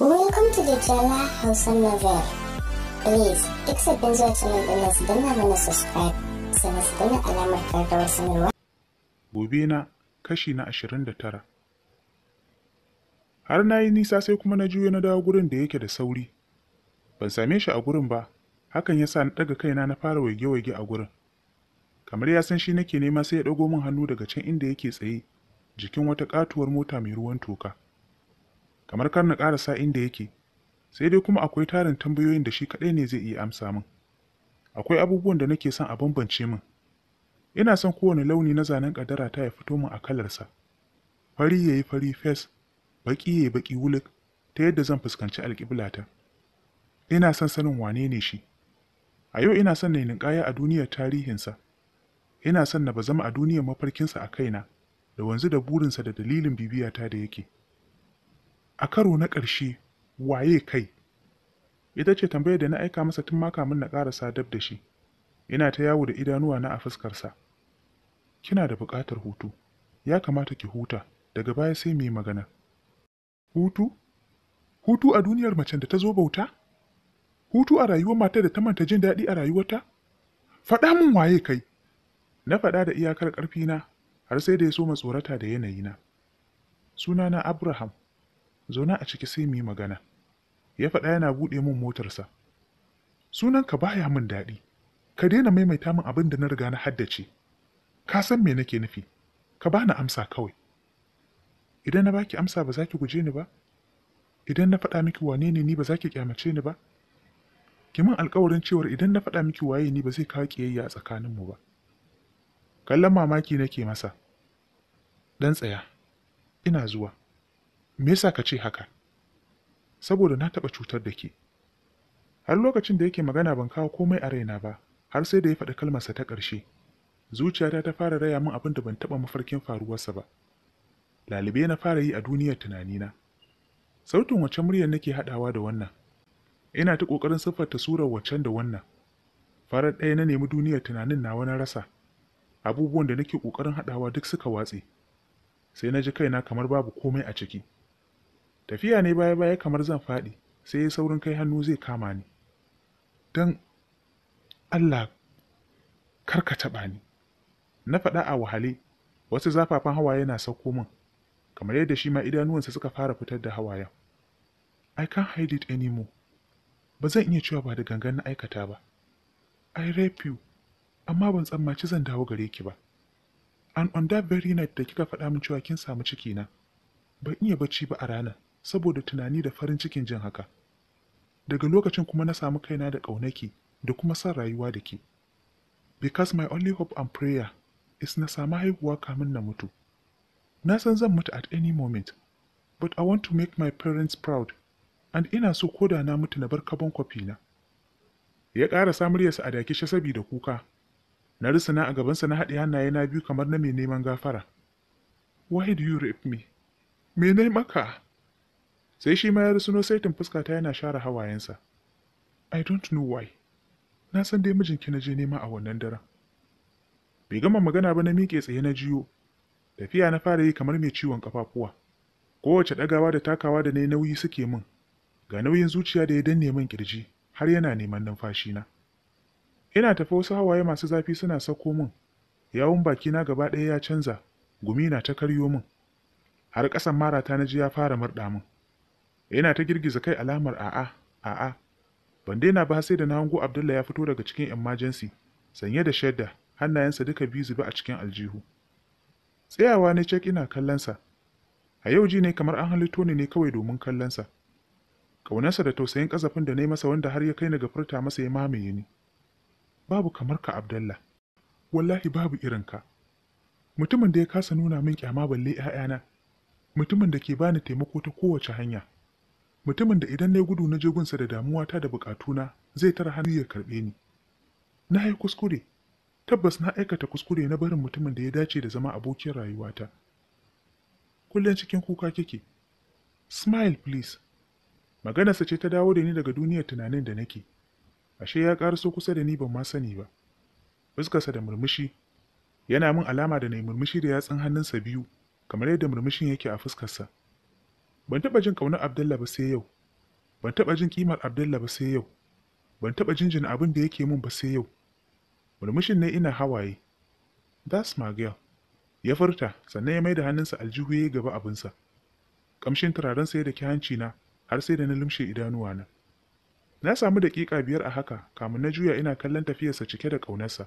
Welcome to the Jella Hausa Novel. Please, duk sabbin zuwa channel din su danna mana subscribe sannan su danna alamar karrawar sanarwa. Gobe na kashi na ashirin da tara. Har na yi nisa sai kuma na juyo na dawo gurin da yake da sauri. Ban same shi a gurin ba, hakan ya sa na ɗaga kaina na fara waige-waige a gurin. Kamar ya san shi nake nema sai ya ɗago min hannu daga can inda yake tsaye, jikin wata ƙatuwar mota mai ruwan toka. kamar kar na ƙarasa inda yake sai dai kuma akwai tarin tambayoyin da shi kaɗai ne zai iya amsa min akwai abubuwan da nake son a bambance min ina son kowane launi na zanen ƙaddara ta ya fito min a kalarsa fari ya yi fari fes baƙi ya yi baƙi wulik ta yadda zan fuskanci alƙiblata ina son sanin wane ne shi a yau ina son na yi a duniyar tarihinsa ina son na ba zama a duniyar mafarkinsa a kaina da wanzu da burinsa da dalilin bibiyata da yake A karo na ƙarshe, waye kai? Ita ce tambayar da na aika masa tun ma min na ƙarasa dab da shi, Ina ta yawo da idanuwa na a fuskarsa. Kina da buƙatar hutu, ya kamata ki huta, daga baya sai mu yi magana. Hutu? Hutu a duniyar macen da ta zo bauta? Hutu a rayuwar matar da ta manta jin daɗi a rayuwarta? Faɗa min waye kai? Na faɗa da iyakar ƙarfina har sai da ya so tsorata da yanayina. Sunana Abraham. Zauna a ciki sai mu yi magana. Ya faɗa yana buɗe min motarsa. Sunanka baya min daɗi. Ka daina maimaita min abin da na riga na haddace. Ka san me nake nufi. Ka bani amsa kawai. Idan na baki amsa ba za ki guje ni ba? Idan na faɗa miki wane ne ni ba za ki kyamace ni ba? Ki min alkawarin cewar idan na faɗa miki waye ni ba zai kawo ƙiyayya a tsakaninmu ba. Kallon mamaki nake masa. Ɗan tsaya. Ina zuwa. Me yasa ka ce haka? Saboda na taɓa cutar da ke. Har lokacin da yake magana ban kawo komai a raina ba, har sai da ya faɗi kalmarsa ta ƙarshe. Zuciyata ta fara raya min abin da ban taɓa mafarkin faruwarsa ba. Lalibe na fara yi a duniyar tunanina. Sautin waccan muryar nake haɗawa da wannan. Ina ta ƙoƙarin siffarta surar waccan da wannan. Farar ɗaya na nemi duniyar tunanin nawa na rasa. Abubuwan da nake ƙoƙarin haɗawa duk suka watse. Sai na ji kaina kamar babu komai a ciki. tafiya ne baya baya kamar zan faɗi sai ya saurin kai hannu zai kama ni don allah kar ka taɓa ni na faɗa a wahale wasu zafafan hawaye na sauko min kamar yadda shi ma idanuwansa suka fara fitar da hawayen i can't hide it anymore ba zan iya cewa ba da gangan na aikata ba i rape you amma ban tsammaci zan dawo gare ki ba An on that very night da kika faɗa min cewa kin samu ciki na ban iya bacci ba a ranar saboda tunani da farin cikin jin haka daga lokacin kuma na samu kaina da ƙaunaki da kuma son rayuwa da ke because my only hope and prayer is na samu haihuwa kamin na mutu na san zan mutu at any moment but i want to make my parents proud and ina so koda na mutu na bar kabon kwafi na ya ƙara samuryarsa a dakishe sabida kuka na risina a gabansa na haɗe hannaye na biyu kamar na mai neman gafara why do you rape me me ne maka sai shi ma ya rusuno saitin fuska ta yana share hawayensa i don't know why na san dai mijinki na je nema a wannan daren bai gama magana ba na miƙe tsaye na jiyo tafiya na fara yi kamar mai ciwon kafafuwa kowace ɗagawa da takawa da na yi nauyi suke min ga nauyin zuciya da ya danne min ƙirji, har yana neman numfashi na ina tafi wasu hawaye masu zafi suna sauko min yawun bakina gaba ɗaya ya canza gumi na ta karyo min har ƙasan marata na ji ya fara murɗa min yana ta girgiza kai alamar a'a a'a ban daina ba sai da na hango abdulla ya fito daga cikin emergency sanye da shadda hannayensa duka biyu zube a cikin aljihu tsayawa ne cek ina kallonsa a yau ji ne kamar an halitto ni ne kawai domin kallonsa ƙaunarsa da tausayin ƙazafin da na yi masa wanda har ya kai ni ga masa ya mamaye ni babu kamar ka Abdullahi. wallahi babu irin ka. mutumin da ya kasa nuna min kyama balle 'ya'yana mutumin da ke bani taimako ta kowace hanya mutumin da idan na yi gudu na je gunsa da damuwata da bukatuna zai tara hannu ya karɓe ni na yi kuskure tabbas na aikata kuskure na barin mutumin da ya dace da zama abokin rayuwata kullum cikin kuka kike smile please maganarsa ce ta dawo da ni daga duniyar tunanin da nake ashe ya ƙaraso kusa da ni ban ma sani ba fuskarsa da murmushi yana min alama da na yi murmushi da yatsun hannunsa biyu kamar yadda murmushin yake a fuskarsa ban taɓa jin ƙaunar abdullah ba sai yau ban taɓa jin ƙimar abdullah ba sai yau ban taɓa jinjin abin da yake mun ba sai yau murmushin ne ina hawaye that's my girl ya furta sannan ya maida da hannunsa aljihu ya gaba abinsa Kamshin turaren sai da ki hanci na har sai da na lumshe idanuwa na na samu daƙiƙa biyar a haka kamun na juya ina kallon tafiyarsa cike da ƙaunarsa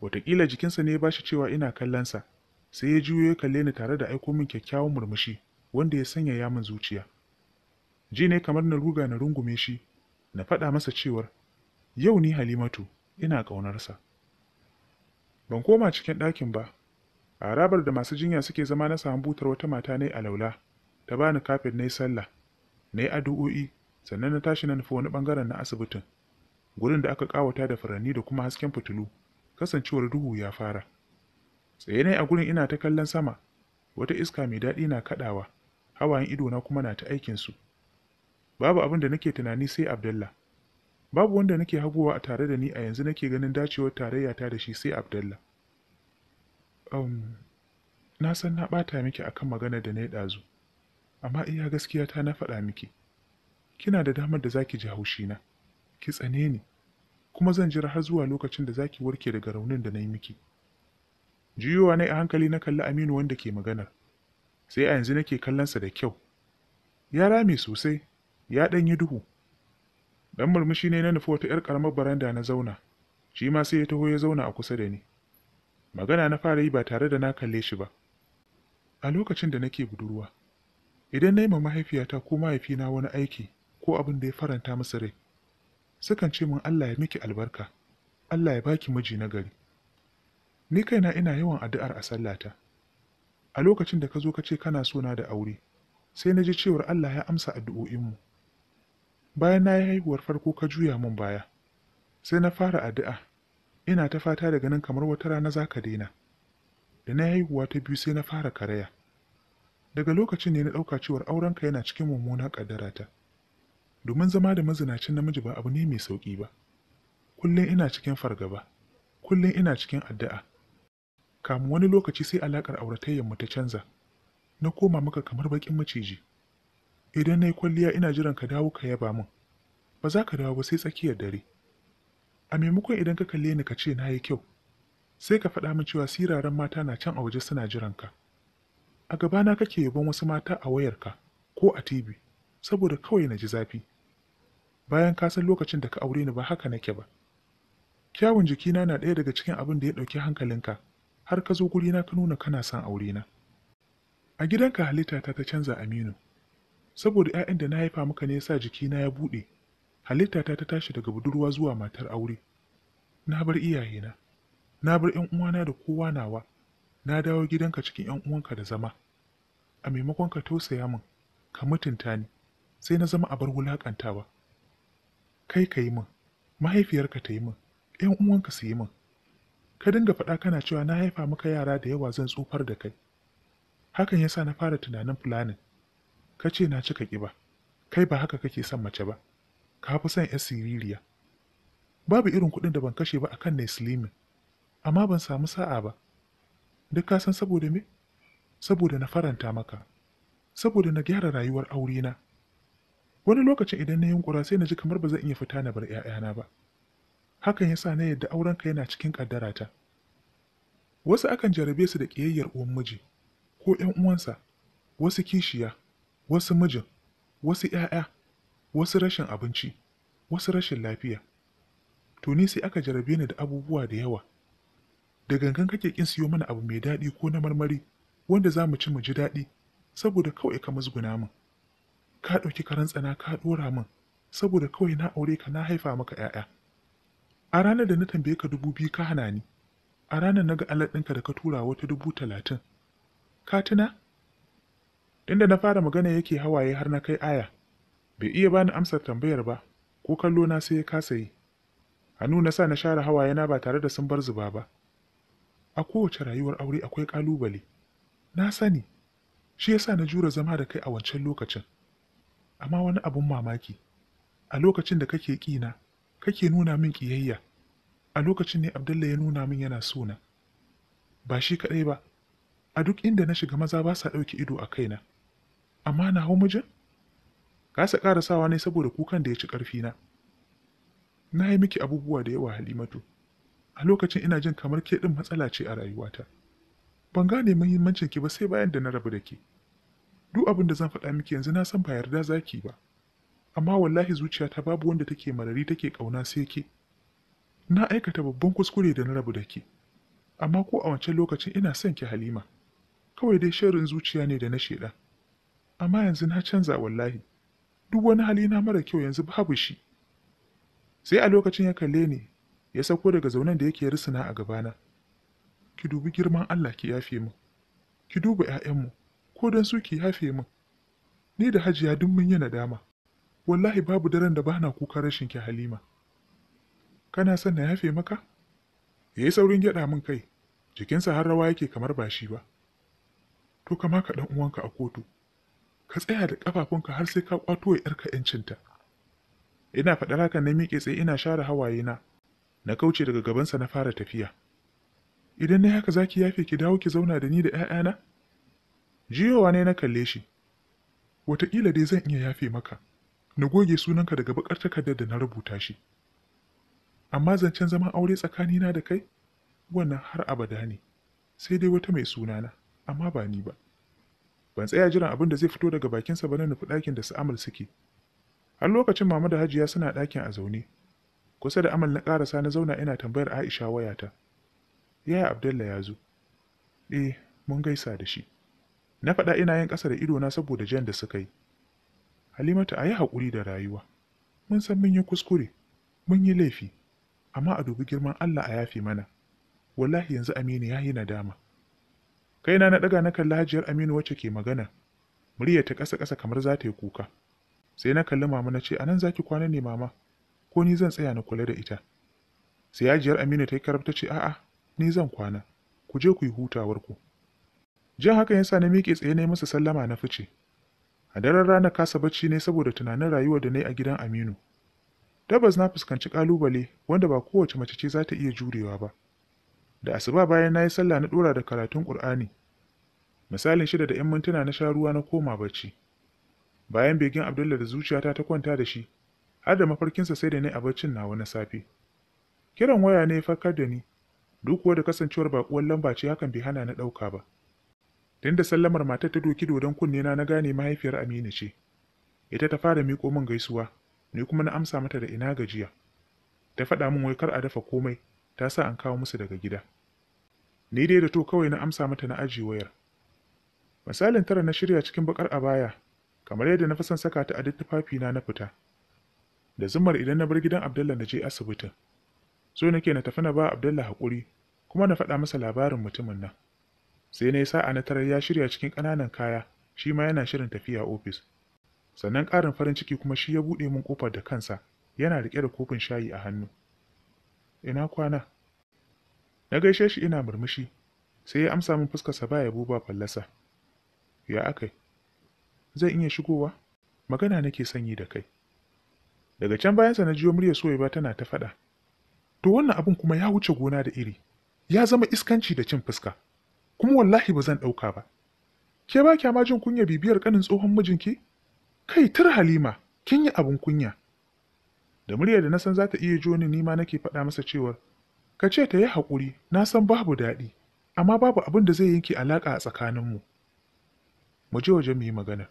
wataƙila jikinsa ne ya bashi cewa ina kallonsa sai ya juyo ya kalle ni tare da aiko min kyakkyawan murmushi wanda ya sanya yamin zuciya ji ne kamar na ruga na rungume shi na faɗa masa cewar yau ni halimatu ina ƙaunarsa ban koma cikin ɗakin ba a harabar da masu jinya suke zama na samu butar wata mata ne a laula ta bani kafin na yi sallah na yi addu'o'i sannan na tashi na nufi wani ɓangaren na asibitin gurin da aka ƙawata da furanni da kuma hasken fitilu kasancewar duhu ya fara tsaye ne a gurin ina ta kallon sama wata iska mai daɗi na kaɗawa hawayen idona kuma na ta aikinsu babu abin da nake tunani sai abdallah babu wanda nake hagowa a tare da ni a yanzu nake ganin dacewar tarayya ta da shi sai abdallah um, na san na ɓata miki akan magana da na yi ɗazu amma iya gaskiya ta na faɗa miki kina da damar da zaki ji haushina ki tsane ni kuma zan jira har zuwa lokacin da zaki warke daga raunin da na yi miki Juyowa ne a hankali na kalli aminu wanda ke maganar sai a yanzu nake kallonsa da kyau ya rame sosai ya ɗan yi duhu ɗan murmushi ne na nufi wata 'yar ƙaramar baranda na zauna shi ma sai ya taho ya zauna a kusa da ni magana na fara yi ba tare da na kalle shi ba a lokacin da nake budurwa idan na yi ma mahaifiyata ko mahaifina wani aiki ko abin da ya faranta masa rai sukan ce min Allah ya miki albarka Allah ya baki miji na gari ni kaina ina yawan addu'ar a sallata a lokacin da ka zo ka ce kana so na da aure sai na ji cewar Allah ya amsa addu'o'inmu bayan na yi haihuwar farko ka juya min baya sai na fara addu'a ina ta fata daga nan kamar wata rana za ka daina da na haihuwa ta biyu sai na fara karaya daga lokacin ne na ɗauka cewar aurenka yana cikin mummunan ƙaddara ta domin zama da mazinacin namiji ba abu ne mai sauƙi ba kullum ina cikin fargaba kullum ina cikin addu'a kamun wani lokaci sai alaƙar auratayyar mu ta canza na koma maka kamar baƙin maciji idan na yi kwalliya ina jiran ka dawo ka yaba min ba za ka dawo ba sai tsakiyar dare a maimakon idan ka kalle ni ka ce na yi kyau sai ka faɗa min cewa siraran mata na can a waje suna jiran ka a gabana kake yabon wasu mata a wayarka ko a tv saboda kawai na ji zafi bayan ka san lokacin da ka aure ni ba haka nake ba kyawun jikina na ɗaya daga cikin abin da ya ɗauki hankalinka har ka zo gurina ka nuna kana son aure na a gidanka halitta ta ta canza aminu saboda 'ya'yan da na haifa maka ne sa jikina ya buɗe halitta ta ta tashi daga budurwa zuwa matar aure na bar iyayena na bar 'yan uwana da kowa nawa na dawo gidanka cikin 'yan uwanka da zama a maimakon ka tausaya min ka mutunta ni sai na zama a abar wulaƙantawa. kai ka yi min mahaifiyarka ta yi min 'yan uwanka su yi min ka dinga faɗa kana cewa na haifa maka yara da yawa zan tsufar da kai hakan yasa na fara tunanin fulanin ka ce na cika ƙiba kai ba haka kake son mace ba ka fi son 'yar siririya babu irin kuɗin da ban kashe ba akan na slimin amma ban samu sa'a ba duk ka san saboda me saboda na faranta maka saboda na gyara rayuwar aurena wani lokacin idan na yunkura sai na ji kamar ba zan iya fita na bar 'ya'yana ba hakan ya sa na yadda aurenka yana cikin ƙaddarata. Wasu akan jarabe su da ƙiyayyar uwan miji, ko ‘yan uwansa, wasu kishiya, wasu mijin, wasu ‘ya'ya, wasu rashin abinci, wasu rashin lafiya. To ni sai aka jarabe ni da abubuwa da yawa. Da gangan kake ƙin siyo mana abu mai daɗi ko na marmari, wanda za mu ci mu ji daɗi, saboda kawai ka musguna min. Ka ɗauki karan tsana ka ɗora min, saboda kawai na aure ka na haifa maka ‘ya'ya. A ranar da na tambaye ka dubu biyu ka hana ni, a ranar na ga alat ɗinka da ka tura wata dubu talatin. Ka tuna? Inda na fara magana yake hawaye har na kai aya, bai iya bani amsar tambayar ba, ko kallo na sai ya kasa yi. Hannu na sa na share hawayena ba tare da sun bar zuba ba. A kowace rayuwar aure akwai ƙalubale. Na sani, shi ya sa na jura zama da kai a wancan lokacin. Amma wani abun mamaki, a lokacin da kake ƙina, kake nuna min kiyayya? a lokacin ne abdullahi ya nuna min yana suna. ba shi kaɗai ba a duk inda na shiga maza ba sa ɗauki ido a kaina amma na hau mijin kasa sawa ne saboda kukan da ya ci ƙarfina na yi miki abubuwa da yawa halimatu a lokacin ina jin kamar ke ɗin matsala ce a rayuwata ban gane muhimmancin ki ba sai bayan da na rabu da ke duk abin da zan faɗa miki yanzu na san ba yarda zaki ba amma wallahi zuciyata babu wanda take marari take ƙauna sai ke na aikata babban kuskure da na rabu da ke amma ko a wancan lokacin ina son ki halima kawai dai sharrin zuciya ne da na sheda amma yanzu na canza wallahi duk wani hali na mara kyau yanzu babu shi sai a lokacin ya kalle ni ya sako daga zaunen da yake risina a gabana ki dubi girman Allah ki yafe mu ki duba 'ya'yanmu ko don su ki yafe mu ni da hajiya duk mun yi nadama wallahi babu daren da bana kuka rashin ki halima kana son na yafe maka yayi saurin gyada min kai jikinsa har rawa yake kamar ba shi ba to kama ka dan uwanka a kotu ka tsaya da kafafunka har sai ka kwato wa yarka yancinta ina faɗar haka na miƙe tsaye ina share hawaye na na kauce daga gabansa na fara tafiya idan na haka zaki yafe ki dawo ki zauna da ni da 'ya'yana jiyowa ne na kalle shi wataƙila dai zan iya yafe maka na goge sunanka daga bakar takardar da na rubuta shi amma zancen zaman aure tsakanina da kai wannan har abada ne sai dai wata mai suna na amma ba ni ba ban tsaya jiran abin da zai fito daga bakinsa ba na nufi ɗakin da su amal suke har lokacin mama da hajiya suna ɗakin a zaune kusa da amal na ƙarasa na zauna ina tambayar aisha wayata yaya Abdullahi ya zo eh mun gaisa da shi na faɗa ina yin ƙasa da idona saboda jan da suka yi Halimatu a yi haƙuri da rayuwa. Mun san mun yi kuskure, mun yi laifi, amma a dubi girman Allah a yafi mana. Wallahi yanzu Aminu ya yi nadama. Kai na ɗaga na kalli hajiyar Aminu wacce ke magana. Murya ta ƙasa-ƙasa kamar za ta yi kuka. Sai na kalli mama na ce, a nan za ki kwana ne mama, ko ni zan tsaya na kula da ita. Sai hajiyar Aminu ta yi karabta ce, a'a, ni zan kwana, ku je ku yi hutawarku. ku. Jan hakan sa na miƙe tsaye na yi masa sallama na fice. A daren rana kasa bacci ne saboda tunanin rayuwar da na yi a gidan Aminu. Tabbas na fuskanci ƙalubale wanda ba kowace mace ce za ta iya jurewa ba. Da asuba bayan na yi sallah na ɗora da karatun Ƙur'ani. Misalin shida da ‘yan mintuna na sha ruwa na koma bacci. Bayan begin Abdullah da zuciyata ta kwanta da shi, har da mafarkinsa sai da ni a baccin na na safe. Kiran waya ne ya farkar da ni, duk kuwa da kasancewar baƙuwar lamba ce hakan bai hana na ɗauka ba. tun da sallamar matar ta doki dodon kunne na na gane mahaifiyar Aminu ce. Ita ta fara miƙo min gaisuwa, ni kuma na amsa mata da ina gajiya. Ta faɗa min wai kar a dafa komai, ta sa an kawo musu daga gida. Ni dai da to kawai na amsa mata na aji wayar. Misalin tara na shirya cikin bakar baya, kamar yadda na fasan saka ta a duk tufafina na fita. Da zumar idan na bar gidan Abdullah na je asibitin. So nake na tafi na ba Abdullah haƙuri, kuma na faɗa masa labarin mutumin nan. sai na yi sa'a na tarar ya shirya cikin ƙananan kaya shi ma yana shirin tafiya ofis sannan ƙarin farin ciki kuma shi ya buɗe min ƙofar da kansa yana riƙe da kofin shayi a hannu ina kwana na gaishe shi ina murmushi sai ya amsa min fuskarsa ba yabo ba fallasa ya akai zai iya shigowa magana nake sanyi da kai daga can bayansa na jiyo muryar soyayya tana ta faɗa to wannan abin kuma ya wuce gona da iri ya zama iskanci da cin fuska kuma wallahi ba zan ɗauka ba ke ba kya ma jin kunya bibiyar ƙanin tsohon mijinki kai Tur halima kin yi abin kunya da murya da na san za ta iya jo ni nima nake faɗa masa cewar ka ce ta yi haƙuri na san babu daɗi amma babu abin da zai yanke alaƙa a tsakaninmu mu je waje mu yi magana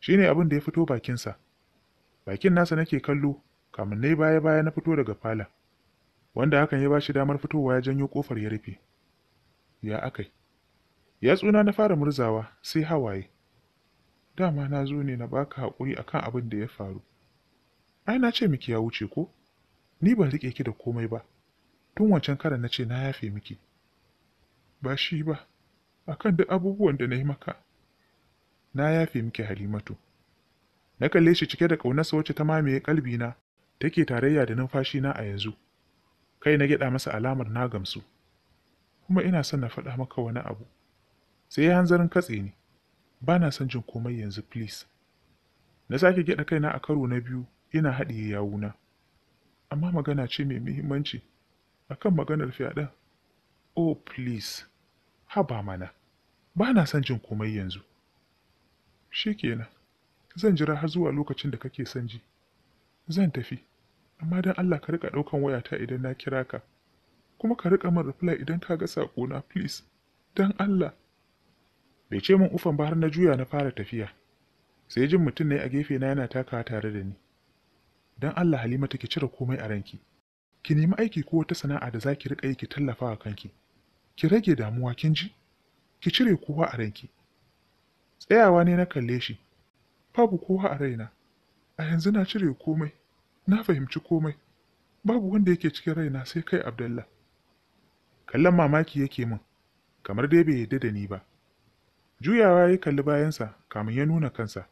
Shi ne abin da ya fito bakinsa bakin nasa nake kallo kamin na yi baya baya na fito daga fala wanda hakan ya ba shi damar fitowa ya janyo ƙofar ya rufe ya akai yatsuna na fara murzawa sai hawaye dama na zo ne na baka haƙuri akan abin da ya faru ai na ce miki ya wuce ko ni ban riƙe ki da komai ba tun wancan karan na ce na yafe miki ba shi ba akan duk abubuwan da na yi maka na yafe miki halimatu na kalle shi cike da ƙaunarsa wacce ta mamaye ƙalbina take tarayya da numfashina a yanzu kai na gyaɗa masa alamar na gamsu kuma ina son na faɗa maka wani abu sai ya hanzarin katse ni ba na son jin komai yanzu please na sake gyaɗa kaina a karo na biyu ina haɗiye yawuna amma magana ce mai muhimmanci akan maganar fyaɗen oh please haba mana ba na son jin komai yanzu Shi shikenan zan jira har zuwa lokacin da kake son ji zan tafi amma don allah ka riƙa ɗaukan wayata idan na kira ka kuma ka riƙa min reply idan ka ga saƙona please don allah bai ce min ufan ba har na juya na fara tafiya sai jin mutum ne a gefe na yana takawa tare da ni dan Allah Halima take cire komai a ranki ki nemi aiki ko wata sana'a da zaki rika yi ki tallafa wa kanki ki rage damuwa kin ji ki cire kowa a ranki tsayawa ne na kalle shi babu kowa a raina a yanzu na cire komai na fahimci komai babu wanda yake cikin raina sai kai Abdullah kallon mamaki yake min kamar dai bai yarda da ni ba Juyawa ya kalli bayansa kamin ya nuna kansa.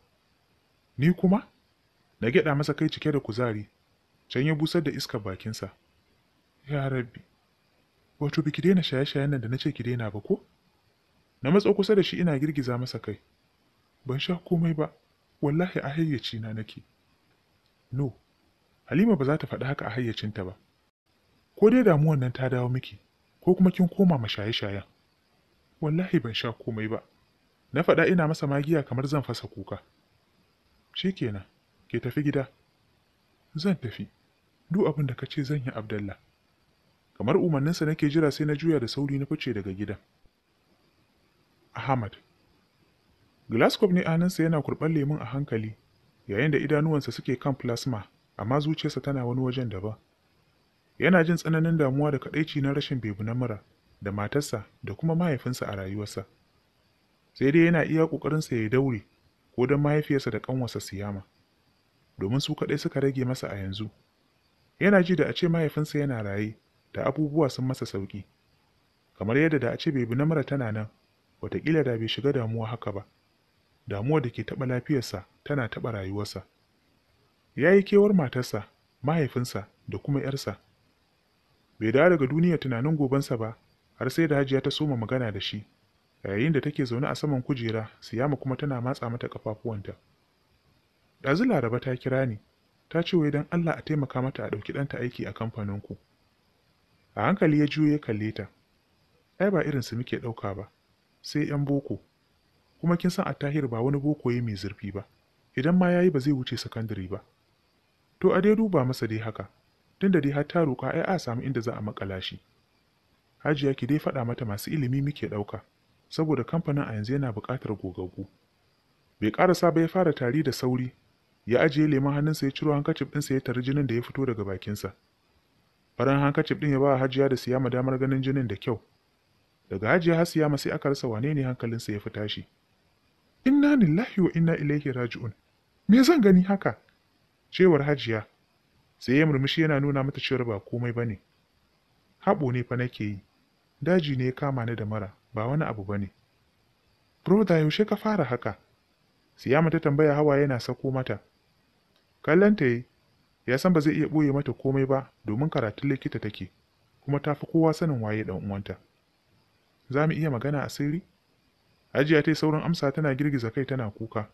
Ni kuma? Na gyaɗa masa kai cike da kuzari, can ya busar da iskar bakinsa. Ya rabbi, wato biki daina shaye-shayen nan da na ce ki daina ba ko? Na matso kusa da shi ina girgiza masa kai. Ban sha komai ba, wallahi a hayyaci na nake. No, Halima ba za ta faɗi haka a hayyacinta ba. Ko dai damuwan nan ta dawo miki, ko kuma kin koma ma shaye-shayen. Wallahi ban sha komai ba. Na faɗa ina masa magiya kamar zan fasa kuka. Shi kenan, ke tafi gida. Zan tafi, duk abin da ka ce zan yi Abdallah. Kamar umarninsa nake jira sai na juya da sauri na fice daga gidan. Ahmad Glasgow ne anansa yana kurɓar lemun a hankali, yayin da idanuwansa suke kan plasma, amma zuciyarsa tana wani wajen daban. Yana jin tsananin damuwa da kaɗaici na rashin bebu na mura, da matarsa da kuma mahaifinsa a rayuwarsa. sai dai yana iya ƙoƙarinsa ya daure ko don mahaifiyarsa da ƙanwarsa siyama domin su kaɗai suka rage masa a yanzu yana ji da a ce mahaifinsa yana raye da abubuwa sun masa sauƙi kamar yadda da a ce bai bi na namara tana nan wataƙila da bai shiga damuwa haka ba damuwa da ke taɓa lafiyarsa tana taɓa rayuwarsa ya yi kewar matarsa mahaifinsa da kuma 'yarsa bai dawo daga duniya tunanin gobensa ba har sai da hajiya ta soma magana da shi yayin da take zaune a saman kujera siyama kuma tana matsa mata ƙafafuwanta ɗazu laraba ta kira ni ta ce wai don allah a taimaka mata a ɗauki ɗanta aiki a kamfaninku a hankali ya juyo ya kalle ta ai ba irin su muke ɗauka ba sai 'yan boko kuma kin san attahir ba wani boko ya mai zurfi ba idan ma yayi ba zai wuce sakandare ba to a dai duba masa dai haka tunda dai har ta roƙa ai a samu inda za a makala shi hajiya ki dai faɗa mata masu ilimi muke ɗauka saboda kamfanin a yanzu yana buƙatar gogaggu bai ƙarasa ba ya fara tari da sauri ya ajiye lemon hannunsa ya ciro hankacif ɗinsa ya tari jinin da ya fito daga bakinsa farin hankacif ɗin ya ba hajiya da siyama damar ganin jinin da kyau daga hajiya har siyama sai aka rasa wane ne hankalinsa ya fi tashi inna lillahi wa inna ilaihi raji'un me zan gani haka cewar hajiya sai ya murmushi yana nuna mata cewar ba komai ba ne haɓo ne fa nake yi daji ne ya kama ni da mara ba wani abu ba ne broda yaushe ka fara haka siyama ta tambaya hawa yana sako mata kallon ta yi ya san ba zai iya ɓoye mata komai ba domin karatun likita take kuma ta fi kowa sanin waye ɗan uwanta za mu iya magana asiri? ajiya ta yi saurin amsa tana girgiza kai tana kuka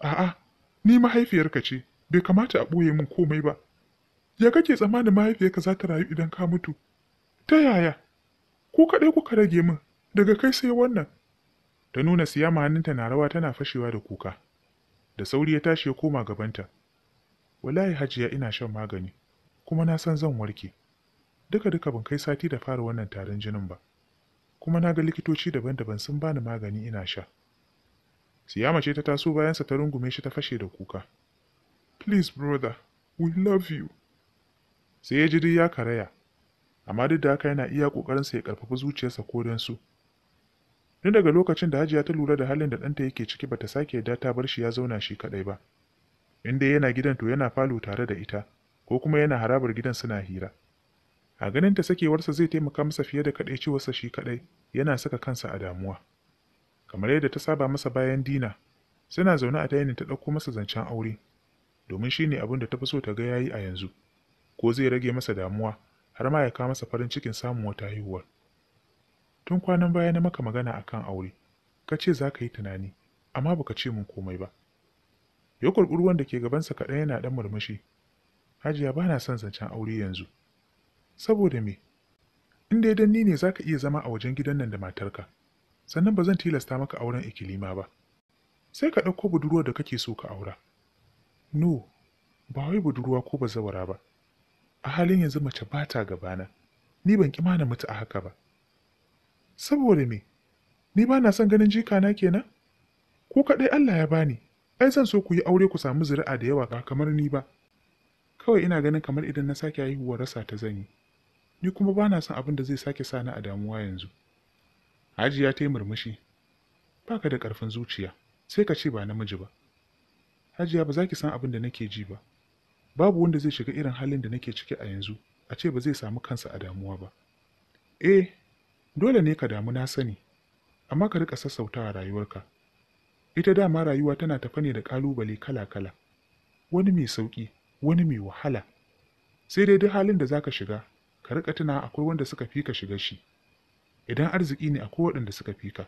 a'a ni mahaifiyarka ce bai kamata a ɓoye min komai ba ya kake tsammanin mahaifiyarka za ta rayu idan ka mutu ta yaya ku kaɗai kuka rage min daga kai sai wannan. Ta nuna siyama hannunta na rawa tana fashewa da kuka. Da sauri ya tashi ya koma gabanta. Wallahi hajiya ina shan magani, kuma na san zan warke. Duka duka ban kai sati da fara wannan tarin jinin ba. Kuma na ga likitoci daban-daban sun bani magani ina sha. Siyama ce ta taso bayansa ta rungume shi ta fashe da kuka. Please brother, we love you. Sai ya ji ya karaya, amma duk da haka yana iya ƙoƙarinsa ya ƙarfafi zuciyarsa ko don su. Ni daga lokacin da Hajiya ta lura da halin da ɗanta yake ciki bata sake yadda ta bar shi ya zauna shi kaɗai ba. In dai yana gidan to yana falo tare da ita, ko kuma yana harabar gidan suna hira. A ganin ta sakewarsa zai taimaka masa fiye da kaɗai cewarsa shi kaɗai, yana saka kansa a damuwa. Kamar yadda ta saba masa bayan dina, suna zaune a dainin ta ɗauko masa zancen aure, domin shi ne abin da ta fi so ta ga yayi a yanzu, ko zai rage masa damuwa har ma ya kawo masa farin cikin samun wata haihuwar. tun kwanan baya na maka magana a kan aure ka ce za ka yi tunani amma ba ka ce mun komai ba ya kurɓi wanda ke gabansa kaɗan yana ɗan murmushi hajiya ba na son zancen aure yanzu saboda me in dai danni ne za ka iya zama a wajen gidan nan da matarka sannan ba zan tilasta maka auren ikilima ba sai ka ɗauko budurwar da kake so ka aura no ba wai budurwa ko ba zawara ba a halin yanzu mace ba ta gabana ni ban ƙi mana mutu a haka ba Saboda me? Ni ba na son ganin jika na kenan? Ko kaɗai Allah ya bani, ai zan so ku yi aure ku samu zuri'a da yawa ba kamar ni ba. Kawai ina ganin kamar idan na sake haihuwa rasa ta zanyi Ni kuma ba na son abin da zai sake sa ni a damuwa yanzu. Hajiya ta yi murmushi. Ba ka da ƙarfin zuciya, sai ka ce ba namiji ba. Hajiya ba za ki san abin da nake ji ba. Babu wanda zai shiga irin halin da nake ciki a yanzu, a ce ba zai samu kansa a damuwa ba. Eh, Dole ne ka damu na sani, amma ka riƙa sassautawa rayuwarka. Ita dama rayuwa tana tafa ne da ƙalubale kala-kala, wani mai sauƙi, wani mai wahala. Sai dai duk halin da za ka shiga, ka riƙa tuna akwai wanda suka fi ka shiga shi. Idan arziki ne akwai waɗanda suka fi ka.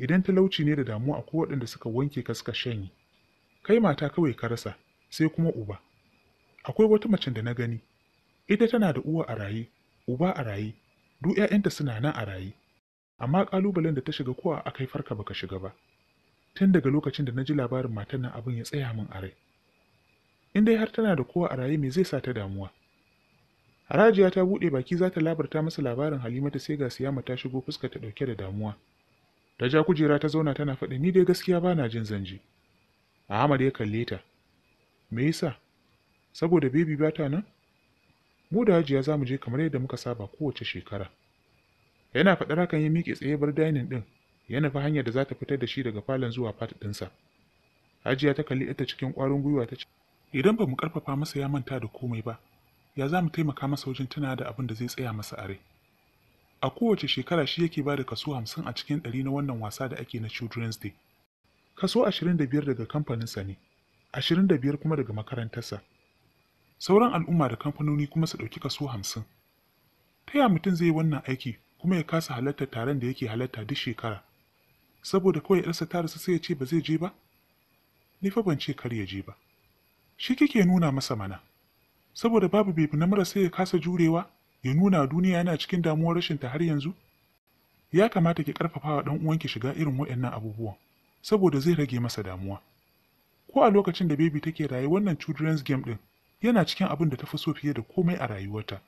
Idan talauci ne da damuwa akwai waɗanda suka wanke ka suka shanye. Kai mata kawai ka rasa, sai kuma uba. Akwai wata macen da na gani, ita tana da uwa a raye, uba a raye, duk 'ya'yanta suna nan a raye amma ƙalubalen da ta shiga kowa a kai farka baka shiga ba tun daga lokacin da na ji labarin matan nan abin ya tsaya min a rai in dai har tana da kowa a raye me zai sa ta damuwa Rajiya ta buɗe baki za ta labarta masa labarin Halima ta sai ga Siyama ta shigo fuska ta ɗauke da damuwa. Ta ja kujera ta zauna tana faɗi ni dai gaskiya ba na jin zanji Ahmad ya kalle ta. Me yasa? Saboda bebi ba ta nan? mu da hajiya za mu je kamar yadda muka saba kowace shekara yana faɗar hakan ya miƙe tsaye bar dainin ɗin ya nufi hanyar da za ta fitar da shi daga falon zuwa fat ɗinsa hajiya ta kalli ita cikin ƙwarin gwiwa ta ce idan ba mu ƙarfafa masa ya manta da komai ba ya za mu taimaka masa wajen tuna da abin da zai tsaya masa are? a kowace shekara shi yake ba da kaso hamsin a cikin ɗari na wannan wasa da ake na children's day kaso ashirin da biyar daga kamfaninsa ne ashirin da biyar kuma daga makarantarsa sauran al'umma da kamfanoni kuma su ɗauki kaso hamsin. Ta ya mutum zai yi wannan aiki kuma ya kasa halartar taron da yake halarta duk shekara? Saboda kawai ‘yarsa ta rasu sai ya ce ba zai je ba? Ni fa ban ce kar ya je ba. Shi kike nuna masa mana. Saboda babu bebi na mara sai ya kasa jurewa ya nuna duniya yana cikin damuwar rashin ta har yanzu? Ya kamata ki ƙarfafa wa uwan uwanki shiga irin waɗannan abubuwan, saboda zai rage masa damuwa. Ko a lokacin da bebi take raye wannan children's game ɗin yana cikin abin da ta fi so fiye da komai a rayuwarta.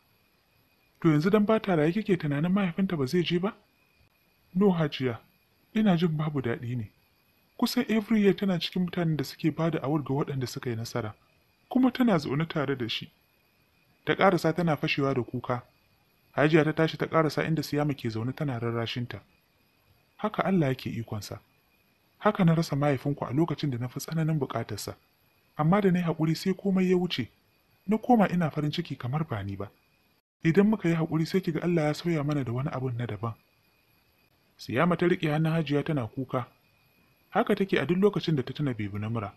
To yanzu dan ba ta raye kike tunanin mahaifinta ba zai je ba? No Hajiya, ina jin babu daɗi ne. Kusan every year tana cikin mutanen da suke ba da awar ga waɗanda suka yi nasara, kuma tana zaune tare da shi. Ta ƙarasa tana fashewa da kuka. Hajiya ta tashi ta ƙarasa inda Siyama ke zaune tana rarrashinta. Haka Allah yake ikonsa. Haka na rasa mahaifinku a lokacin da na fi tsananin buƙatarsa. Amma da na yi haƙuri sai komai ya wuce, na koma ina farin ciki kamar ba ni ba idan muka yi haƙuri sai kiga Allah ya sauya mana da wani abun na daban siyama ta riƙe hannun hajiya tana kuka haka take a duk lokacin da ta tuna bebi na mura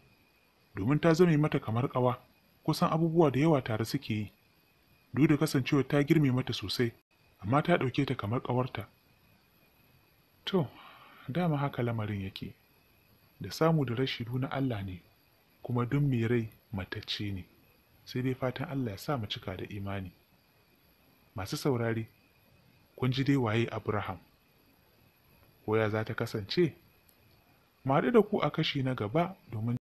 domin ta zame mata kamar ƙawa kusan abubuwa da yawa tare suke yi duk da kasancewar ta girme mata sosai amma ta ɗauke ta kamar ƙawarta to dama haka lamarin yake da samu da rashidu na Allah ne kuma duk mai rai matacce ne sai dai fatan Allah ya sa mu cika da imani masu saurari kun ji dai waye Abraham koya za ta kasance? haɗu da ku a kashi na gaba domin